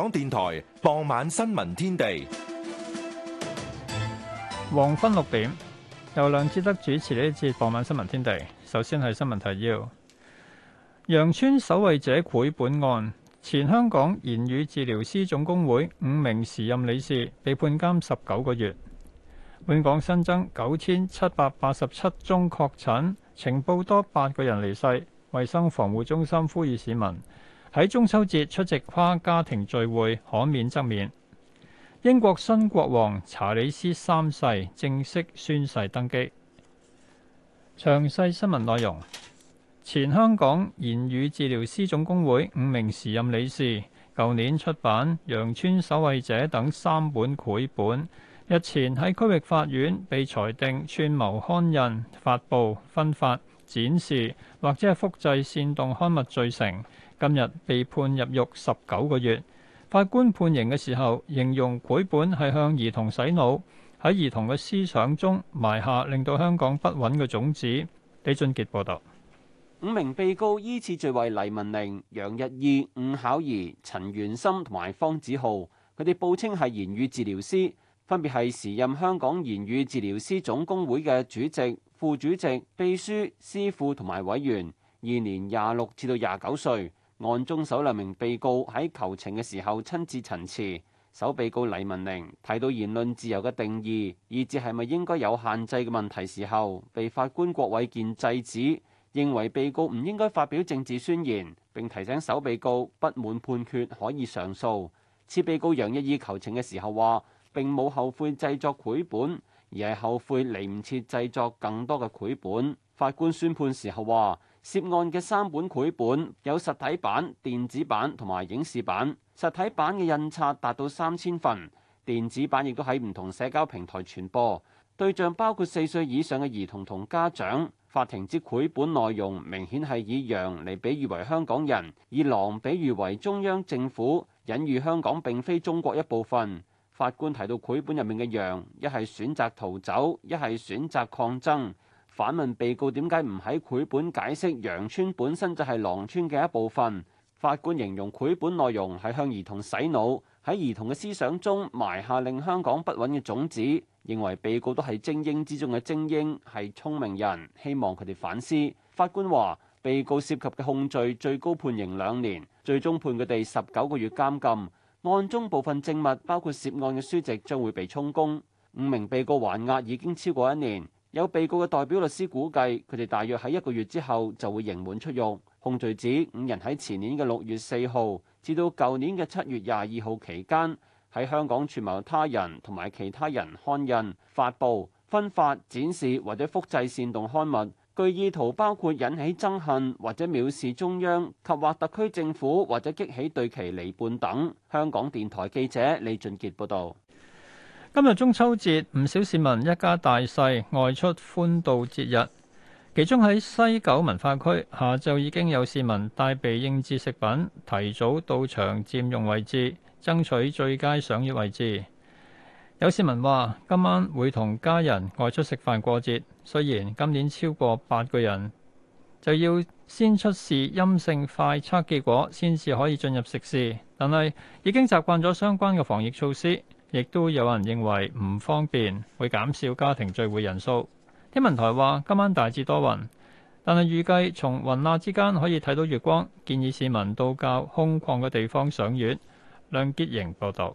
香港電台傍晚新聞天地，黃昏六點由梁志德主持呢一節傍晚新聞天地。首先係新聞提要：羊村守衛者繪本案，前香港言語治療師總工會五名時任理事被判監十九個月。本港新增九千七百八十七宗確診，呈報多八個人離世。衛生防護中心呼籲市民。喺中秋節出席跨家庭聚會，可免則免。英國新國王查理斯三世正式宣誓登基。詳細新聞內容，前香港言語治療師總工會五名時任理事，舊年出版《羊村守衞者》等三本繪本，日前喺區域法院被裁定串謀刊印、發布、分發、展示或者係複製煽動刊物罪成。今日被判入獄十九個月。法官判刑嘅時候，形容繪本係向兒童洗腦，喺兒童嘅思想中埋下令到香港不穩嘅種子。李俊傑報導。五名被告依次序為黎文玲、楊逸意、伍巧怡、陳元森同埋方子浩。佢哋報稱係言語治療師，分別係時任香港言語治療師總工會嘅主席、副主席、秘書、師傅同埋委員，年齡廿六至到廿九歲。案中首兩名被告喺求情嘅時候親自陳詞，首被告黎文玲提到言論自由嘅定義，以至係咪應該有限制嘅問題時候，被法官郭偉健制止，認為被告唔應該發表政治宣言，並提醒首被告不滿判決可以上訴，次被告楊一依求情嘅時候話並冇後悔製作繪本，而係後悔嚟唔切製作更多嘅繪本。法官宣判時候話。涉案嘅三本繪本有實體版、電子版同埋影視版。實體版嘅印刷達到三千份，電子版亦都喺唔同社交平台傳播，對象包括四歲以上嘅兒童同家長。法庭指繪本內容明顯係以羊嚟，比喻為香港人，以狼比喻為中央政府，隱喻香港並非中國一部分。法官提到繪本入面嘅羊，一係選擇逃走，一係選擇抗爭。反問被告點解唔喺繪本解釋，羊村本身就係狼村嘅一部分。法官形容繪本內容係向兒童洗腦，喺兒童嘅思想中埋下令香港不穩嘅種子。認為被告都係精英之中嘅精英，係聰明人，希望佢哋反思。法官話，被告涉及嘅控罪最高判刑兩年，最終判佢哋十九個月監禁。案中部分證物包括涉案嘅書籍將會被充公。五名被告還押已經超過一年。有被告嘅代表律師估計，佢哋大約喺一個月之後就會刑滿出獄。控罪指五人喺前年嘅六月四號至到舊年嘅七月廿二號期間，喺香港串謀他人同埋其他人刊印、發布、分發、展示或者複製煽動刊物，具意圖包括引起憎恨或者藐視中央及或特區政府，或者激起對其離叛等。香港電台記者李俊杰報道。今日中秋節，唔少市民一家大細外出歡度節日。其中喺西九文化區下晝已經有市民帶備應節食品，提早到場佔用位置，爭取最佳賞月位置。有市民話今晚會同家人外出食飯過節，雖然今年超過八個人就要先出示陰性快測結果，先至可以進入食肆，但係已經習慣咗相關嘅防疫措施。亦都有人認為唔方便，會減少家庭聚會人數。天文台話今晚大致多雲，但係預計從雲罅之間可以睇到月光，建議市民到較空曠嘅地方賞月。梁潔瑩報道。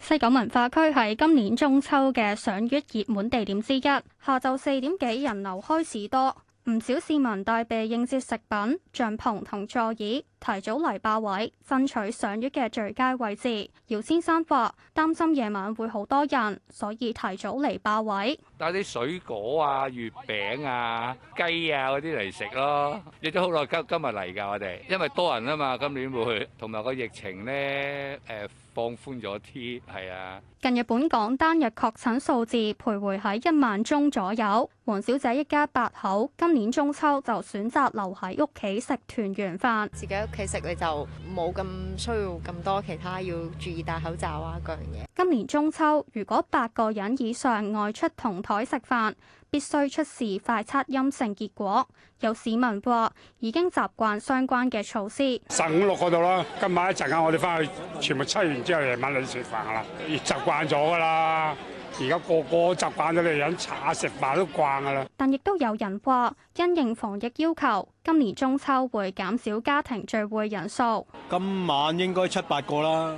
西九文化區係今年中秋嘅賞月熱門地點之一。下晝四點幾人流開始多，唔少市民帶備應節食品、帳篷同座椅。提早嚟霸位，爭取賞月嘅最佳位置。姚先生話：擔心夜晚會好多人，所以提早嚟霸位。帶啲水果啊、月餅啊、雞啊嗰啲嚟食咯。亦都好耐，今今日嚟㗎，我哋因為多人啊嘛，今年會同埋個疫情呢，誒、呃、放寬咗啲，係啊。近日本港單日確診數字徘徊喺一萬宗左右。黃小姐一家八口，今年中秋就選擇留喺屋企食團圓飯。自己。其實你就冇咁需要咁多其他要注意戴口罩啊各樣嘢。今年中秋，如果八個人以上外出同台食飯，必須出示快測陰性結果。有市民話已經習慣相關嘅措施。十五六嗰度啦，今晚一陣間我哋翻去全部測完之後夜晚嚟食飯啦，習慣咗噶啦。而家個個習慣咗你飲茶食飯都慣噶啦。但亦都有人話，因應防疫要求，今年中秋會減少家庭聚會人數。今晚應該七八個啦，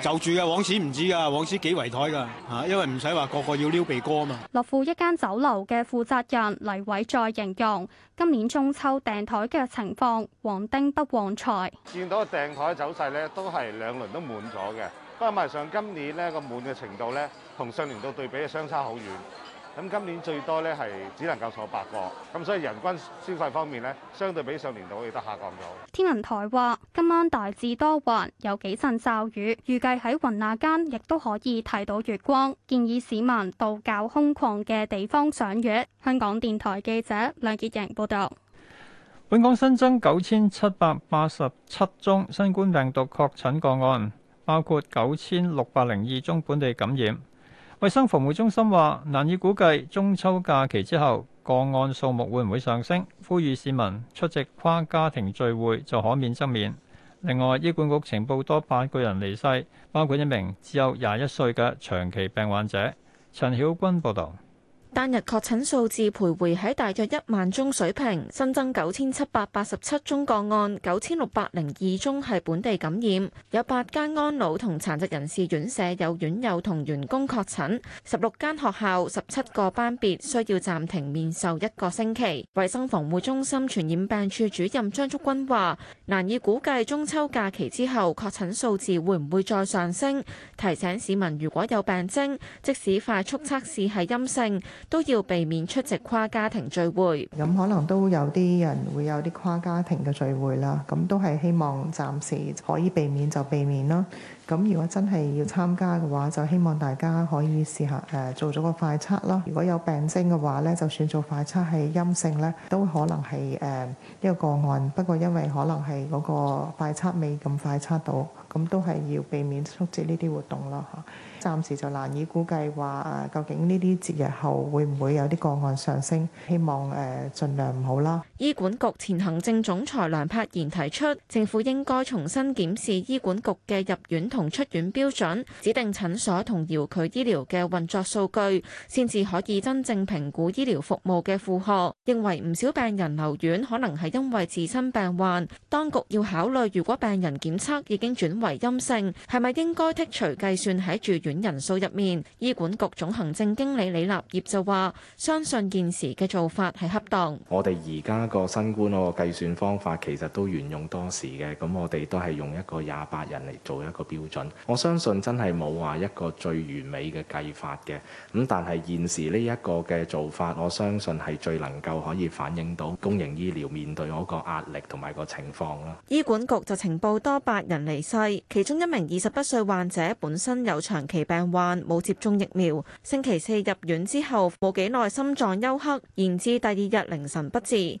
就住嘅。往時唔知㗎，往時幾圍台㗎嚇，因為唔使話個個要撩鼻哥嘛。樂富一間酒樓嘅負責人黎偉再形容今年中秋訂台嘅情況，旺丁不旺財。見到個訂台走勢咧，都係兩輪都滿咗嘅，不過加埋上今年咧個滿嘅程度咧。同上年度對比相差好遠，咁今年最多咧係只能夠坐八個，咁所以人均消費方面咧，相對比上年度亦都下降咗。天文台話今晚大致多雲，有幾陣驟雨，預計喺雲罅間亦都可以睇到月光，建議市民到較空曠嘅地方賞月。香港電台記者梁潔瑩報道：本港新增九千七百八十七宗新冠病毒確診個案，包括九千六百零二宗本地感染。衛生防護中心話：難以估計中秋假期之後個案數目會唔會上升，呼籲市民出席跨家庭聚會就可免則免。另外，醫管局情報多八個人離世，包括一名只有廿一歲嘅長期病患者。陳曉君報道。單日確診數字徘徊喺大約一萬宗水平，新增九千七百八十七宗個案，九千六百零二宗係本地感染。有八間安老同殘疾人士院舍有院友同員工確診，十六間學校、十七個班別需要暫停面授一個星期。衛生防護中心傳染病處主任張竹君話，難以估計中秋假期之後確診數字會唔會再上升，提醒市民如果有病徵，即使快速測試係陰性，都要避免出席跨家庭聚會，咁可能都有啲人會有啲跨家庭嘅聚會啦。咁都係希望暫時可以避免就避免啦。咁如果真係要參加嘅話，就希望大家可以試下誒、呃、做咗個快測啦。如果有病徵嘅話咧，就算做快測係陰性咧，都可能係誒一個個案。不過因為可能係嗰個快測未咁快測到。咁都係要避免促進呢啲活動咯嚇，暫時就難以估計話誒究竟呢啲節日後會唔會有啲個案上升，希望誒、呃、盡量唔好啦。醫管局前行政總裁梁柏賢提出，政府應該重新檢視醫管局嘅入院同出院標準，指定診所同遙距醫療嘅運作數據，先至可以真正評估醫療服務嘅負荷。認為唔少病人留院可能係因為自身病患，當局要考慮，如果病人檢測已經轉為陰性，係咪應該剔除計算喺住院人數入面。醫管局總行政經理李立業就話，相信現時嘅做法係恰當。我哋而家。個新冠嗰個計算方法其實都沿用多時嘅，咁我哋都係用一個廿八人嚟做一個標準。我相信真係冇話一個最完美嘅計法嘅，咁但係現時呢一個嘅做法，我相信係最能夠可以反映到公營醫療面對嗰個壓力同埋個情況啦。醫管局就呈報多八人離世，其中一名二十一歲患者本身有長期病患，冇接種疫苗，星期四入院之後冇幾耐心臟休克，延至第二日凌晨不治。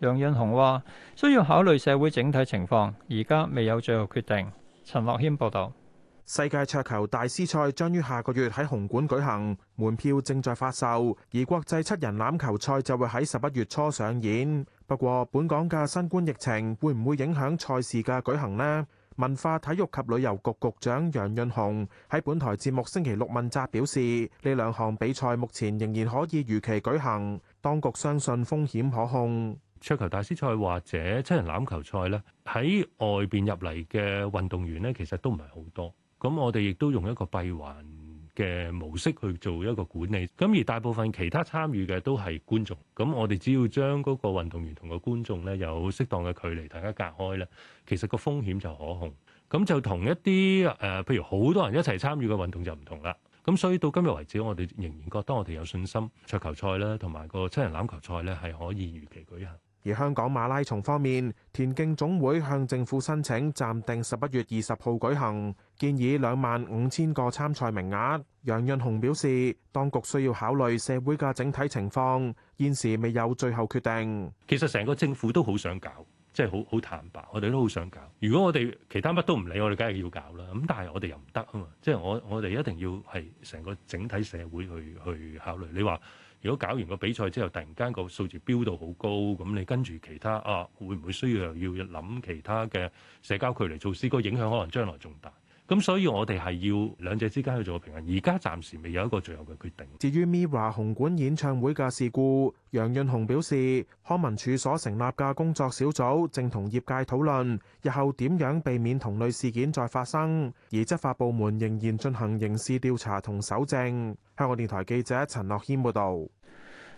楊潤雄話：，需要考慮社會整體情況，而家未有最後決定。陳樂謙報道。世界桌球大師賽將於下個月喺紅館舉行，門票正在發售。而國際七人欖球賽就會喺十一月初上演。不過，本港嘅新冠疫情會唔會影響賽事嘅舉行呢？文化體育及旅遊局局長楊潤雄喺本台節目星期六問責表示，呢兩項比賽目前仍然可以如期舉行，當局相信風險可控。桌球大師賽或者七人欖球賽咧，喺外邊入嚟嘅運動員咧，其實都唔係好多。咁我哋亦都用一個閉環嘅模式去做一個管理。咁而大部分其他參與嘅都係觀眾。咁我哋只要將嗰個運動員同個觀眾咧有適當嘅距離，大家隔開咧，其實個風險就可控。咁就同一啲誒、呃，譬如好多人一齊參與嘅運動就唔同啦。咁所以到今日為止，我哋仍然覺得我哋有信心桌球賽咧，同埋個七人欖球賽咧係可以如期舉行。而香港馬拉松方面，田徑總會向政府申請暫定十一月二十號舉行，建議兩萬五千個參賽名額。楊潤雄表示，當局需要考慮社會嘅整體情況，現時未有最後決定。其實成個政府都好想搞，即係好好坦白，我哋都好想搞。如果我哋其他乜都唔理，我哋梗係要搞啦。咁但係我哋又唔得啊嘛，即係我我哋一定要係成個整體社會去去考慮。你話？如果搞完個比賽之後突然間個數字飆到好高，咁你跟住其他啊，會唔會需要又要諗其他嘅社交距離措施？個影響可能將來仲大。咁所以，我哋係要兩者之間去做個平衡。而家暫時未有一個最後嘅決定。至於 MIRROR 紅館演唱會嘅事故，楊潤雄表示，康文署所成立嘅工作小組正同業界討論日後點樣避免同類事件再發生。而執法部門仍然進行刑事調查同搜證。香港電台記者陳樂謙報道，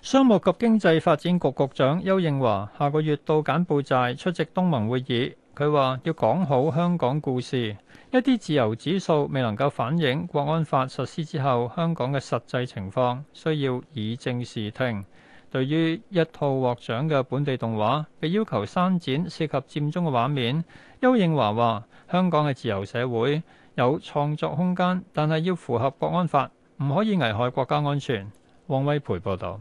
商務及經濟發展局局局長邱應華下個月到柬埔寨出席東盟會議。佢話：要講好香港故事，一啲自由指數未能夠反映國安法實施之後香港嘅實際情況，需要以正視聽。對於一套獲獎嘅本地動畫被要求刪剪涉及佔中嘅畫面，邱應華話：香港嘅自由社會，有創作空間，但係要符合國安法，唔可以危害國家安全。汪威培報導。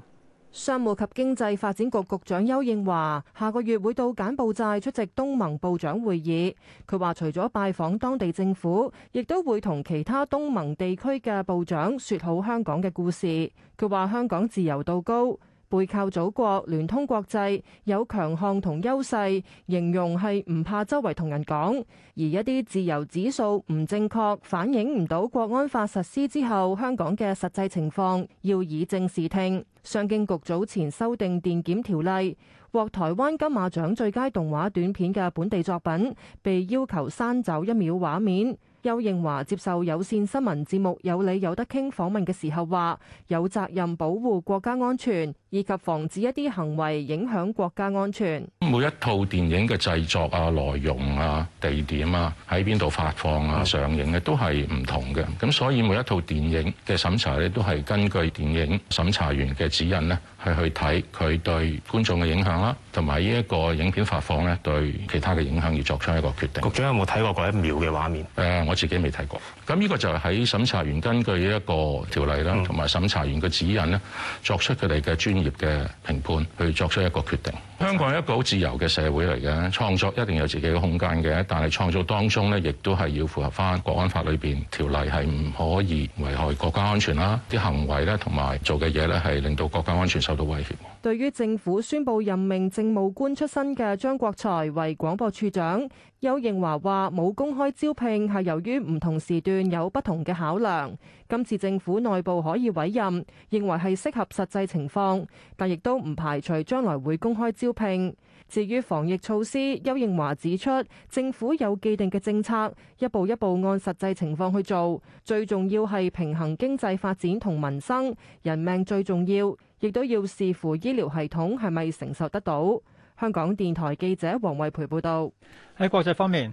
商務及經濟發展局局長邱應華下個月會到柬埔寨出席東盟部長會議。佢話除咗拜訪當地政府，亦都會同其他東盟地區嘅部長說好香港嘅故事。佢話香港自由度高，背靠祖國，聯通國際，有強項同優勢，形容係唔怕周圍同人講。而一啲自由指數唔正確，反映唔到國安法實施之後香港嘅實際情況，要以正視聽。商經局早前修訂電檢條例，獲台灣金馬獎最佳動畫短片嘅本地作品，被要求刪走一秒畫面。邱應華接受有線新聞節目《有理有得傾》訪問嘅時候話，有責任保護國家安全，以及防止一啲行為影響國家安全。每一套電影嘅製作啊、內容啊、地點啊、喺邊度發放啊、上映咧，都係唔同嘅。咁所以每一套電影嘅審查咧，都係根據電影審查員嘅指引咧。係去睇佢對觀眾嘅影響啦，同埋呢一個影片發放咧對其他嘅影響，要作出一個決定。局長有冇睇過嗰一秒嘅畫面？誒，我自己未睇過。咁呢個就係喺審查員根據一個條例啦，同埋審查員嘅指引咧，作出佢哋嘅專業嘅評判，去作出一個決定。香港係一個好自由嘅社會嚟嘅，創作一定有自己嘅空間嘅，但係創作當中呢，亦都係要符合翻《國安法裏面》裏邊條例，係唔可以危害國家安全啦，啲行為咧同埋做嘅嘢咧，係令到國家安全受到威脅。對於政府宣布任命政務官出身嘅張國才為廣播處長。邱應華話：冇公開招聘係由於唔同時段有不同嘅考量。今次政府內部可以委任，認為係適合實際情況，但亦都唔排除將來會公開招聘。至於防疫措施，邱應華指出，政府有既定嘅政策，一步一步按實際情況去做。最重要係平衡經濟發展同民生，人命最重要，亦都要視乎醫療系統係咪承受得到。香港電台記者王慧培報道：喺國際方面，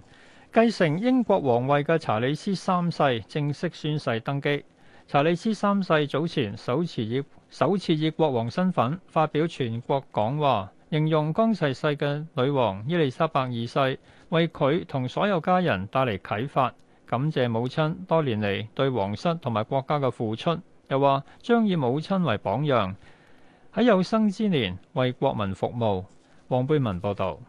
繼承英國皇位嘅查理斯三世正式宣誓登基。查理斯三世早前首次以首次以國王身份發表全國講話，形容剛逝世嘅女王伊麗莎白二世為佢同所有家人帶嚟啟發，感謝母親多年嚟對皇室同埋國家嘅付出，又話將以母親為榜樣，喺有生之年為國民服務。黃貝文報道，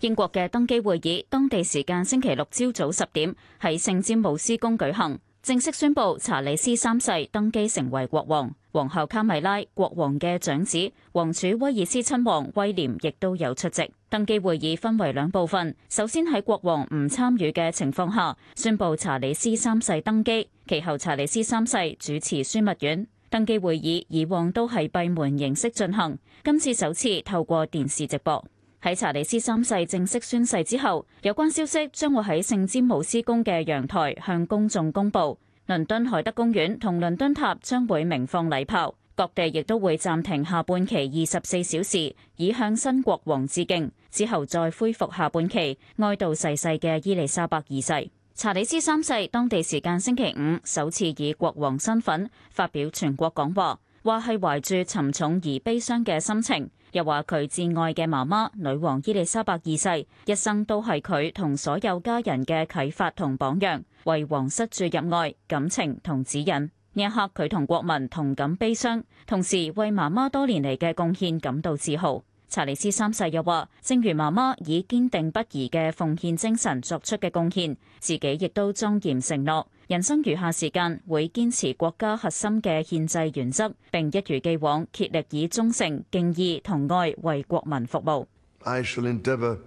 英國嘅登基會議，當地時間星期六朝早十點喺聖詹姆斯宮舉行，正式宣布查理斯三世登基成為國王。皇后卡米拉、國王嘅長子、王儲威爾斯親王威廉亦都有出席。登基會議分為兩部分，首先喺國王唔參與嘅情況下宣布查理斯三世登基，其後查理斯三世主持樞密院。登基會議以往都係閉門形式進行，今次首次透過電視直播。喺查理斯三世正式宣誓之後，有關消息將會喺聖詹姆斯宮嘅陽台向公眾公布。倫敦海德公園同倫敦塔將會鳴放禮炮，各地亦都會暫停下半旗二十四小時，以向新國王致敬。之後再恢復下半旗哀悼逝世嘅伊麗莎白二世。查理斯三世當地時間星期五首次以國王身份發表全國講話，話係懷住沉重而悲傷嘅心情，又話佢摯愛嘅媽媽女王伊麗莎白二世一生都係佢同所有家人嘅啟發同榜樣，為皇室注入愛感情同指引。呢一刻佢同國民同感悲傷，同時為媽媽多年嚟嘅貢獻感到自豪。查理斯三世又話，正如媽媽以堅定不移嘅奉獻精神作出嘅貢獻，自己亦都莊嚴承諾，人生餘下時間會堅持國家核心嘅憲制原則，並一如既往竭力以忠誠、敬意同愛為國民服務。I shall endeavour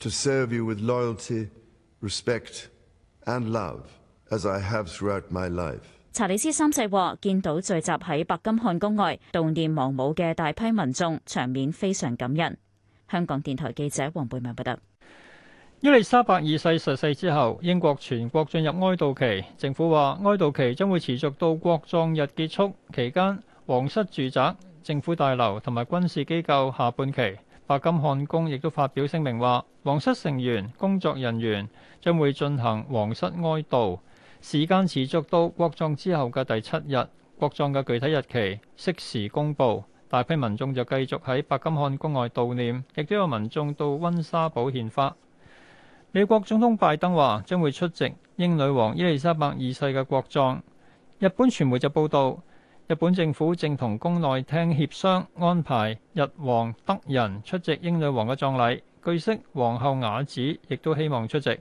to serve you with loyalty, respect and love, as I have throughout my life. 查理斯三世話：見到聚集喺白金漢宮外悼念亡母嘅大批民眾，場面非常感人。香港電台記者黃貝文報道。不得伊利沙伯二世逝世之後，英國全國進入哀悼期。政府話，哀悼期將會持續到國葬日結束。期間，皇室住宅、政府大樓同埋軍事機構下半旗，白金漢宮亦都發表聲明話，皇室成員、工作人員將會進行皇室哀悼。時間持續到國葬之後嘅第七日，國葬嘅具體日期適時公佈。大批民眾就繼續喺白金漢宮外悼念，亦都有民眾到温莎堡獻花。美國總統拜登話將會出席英女王伊麗莎白二世嘅國葬。日本傳媒就報道，日本政府正同宮內廳協商安排日王德仁出席英女王嘅葬禮。據悉，皇后雅子亦都希望出席。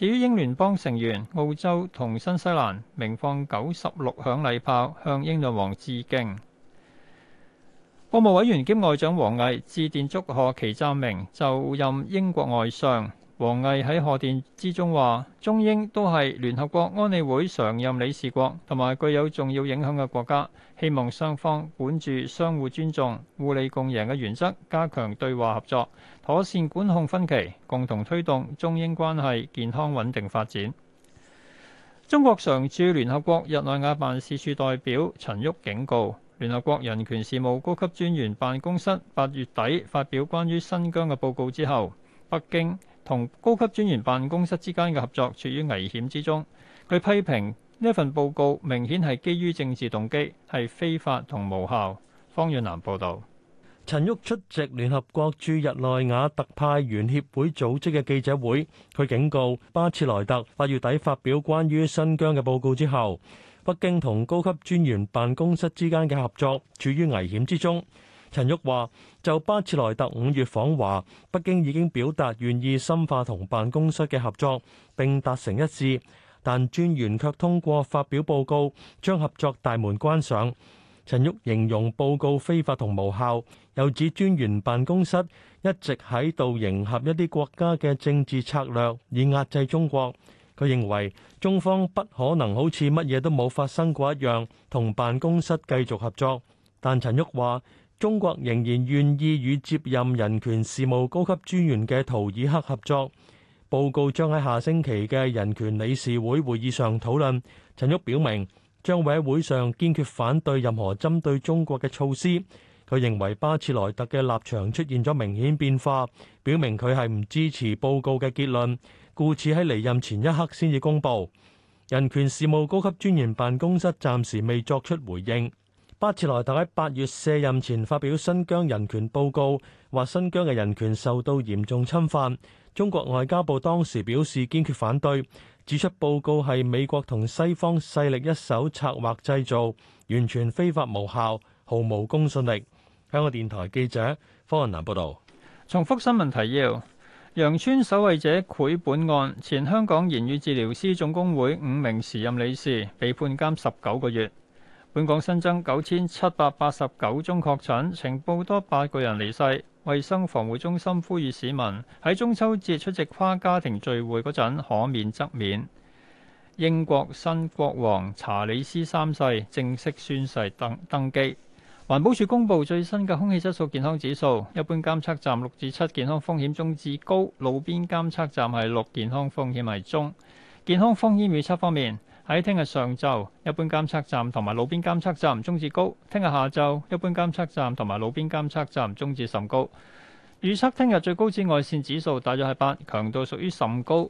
至於英聯邦成員澳洲同新西蘭，鳴放九十六響禮炮向英女王致敬。國務委員兼外長王毅致電祝賀祁湛明就任英國外相。王毅喺賀電之中話，中英都係聯合國安理會常任理事國，同埋具有重要影響嘅國家，希望雙方本住相互尊重、互利共贏嘅原則，加強對話合作，妥善管控分歧，共同推動中英關係健康穩定發展。中國常駐聯合國日內瓦辦事處代表陳旭警告，聯合國人權事務高級專員辦公室八月底發表關於新疆嘅報告之後，北京。同高級專員辦公室之間嘅合作處於危險之中。佢批評呢份報告明顯係基於政治動機，係非法同無效。方遠南報導。陳旭出席聯合國駐日內瓦特派員協會組織嘅記者會，佢警告巴切萊特八月底發表關於新疆嘅報告之後，北京同高級專員辦公室之間嘅合作處於危險之中。陳旭話：就巴切萊特五月訪華，北京已經表達願意深化同辦公室嘅合作，並達成一致。但專員卻通過發表報告，將合作大門關上。陳旭形容報告非法同無效，又指專員辦公室一直喺度迎合一啲國家嘅政治策略，以壓制中國。佢認為中方不可能好似乜嘢都冇發生過一樣，同辦公室繼續合作。但陳旭話。中國仍然願意與接任人權事務高級專員嘅圖爾克合作。報告將喺下星期嘅人權理事會會議上討論。陳旭表明將會喺會上堅決反對任何針對中國嘅措施。佢認為巴切萊特嘅立場出現咗明顯變化，表明佢係唔支持報告嘅結論，故此喺離任前一刻先至公佈。人權事務高級專員辦公室暫時未作出回應。巴切萊特喺八月卸任前發表新疆人權報告，話新疆嘅人權受到嚴重侵犯。中國外交部當時表示堅決反對，指出報告係美國同西方勢力一手策劃製造，完全非法無效，毫無公信力。香港電台記者方雲南報道。重複新聞提要：羊村守衛者繪本案，前香港言語治療師總工會五名時任理事被判監十九個月。本港新增九千七百八十九宗確診，呈報多八個人離世。衛生防護中心呼籲市民喺中秋節出席跨家庭聚會嗰陣，可免則免。英國新國王查理斯三世正式宣誓登登基。環保署公布最新嘅空氣質素健康指數，一般監測站六至七健康風險中至高，路邊監測站係六健康風險係中。健康風險預測方面。喺聽日上晝，一般監測站同埋路邊監測站中至高；聽日下晝，一般監測站同埋路邊監測站中至甚高。預測聽日最高紫外線指數大約係八，強度屬於甚高。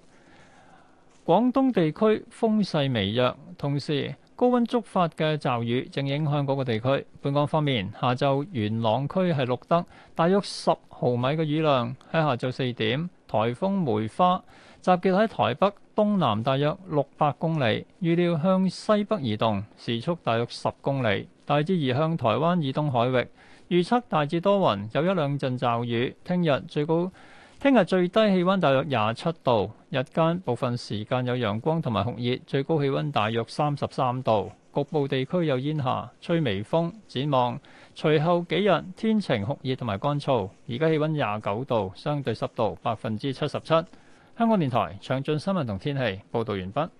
廣東地區風勢微弱，同時高温觸發嘅驟雨正影響嗰個地區。本港方面，下晝元朗區係錄得大約十毫米嘅雨量，喺下晝四點，颱風梅花。集結喺台北東南，大約六百公里。預料向西北移動，時速大約十公里，大致移向台灣以東海域。預測大致多雲，有一兩陣驟雨。聽日最高，聽日最低氣温大約廿七度，日間部分時間有陽光同埋酷熱，最高氣温大約三十三度，局部地區有煙霞，吹微風。展望隨後幾日天晴酷熱同埋乾燥。而家氣温廿九度，相對濕度百分之七十七。香港電台詳盡新聞同天氣報道完畢。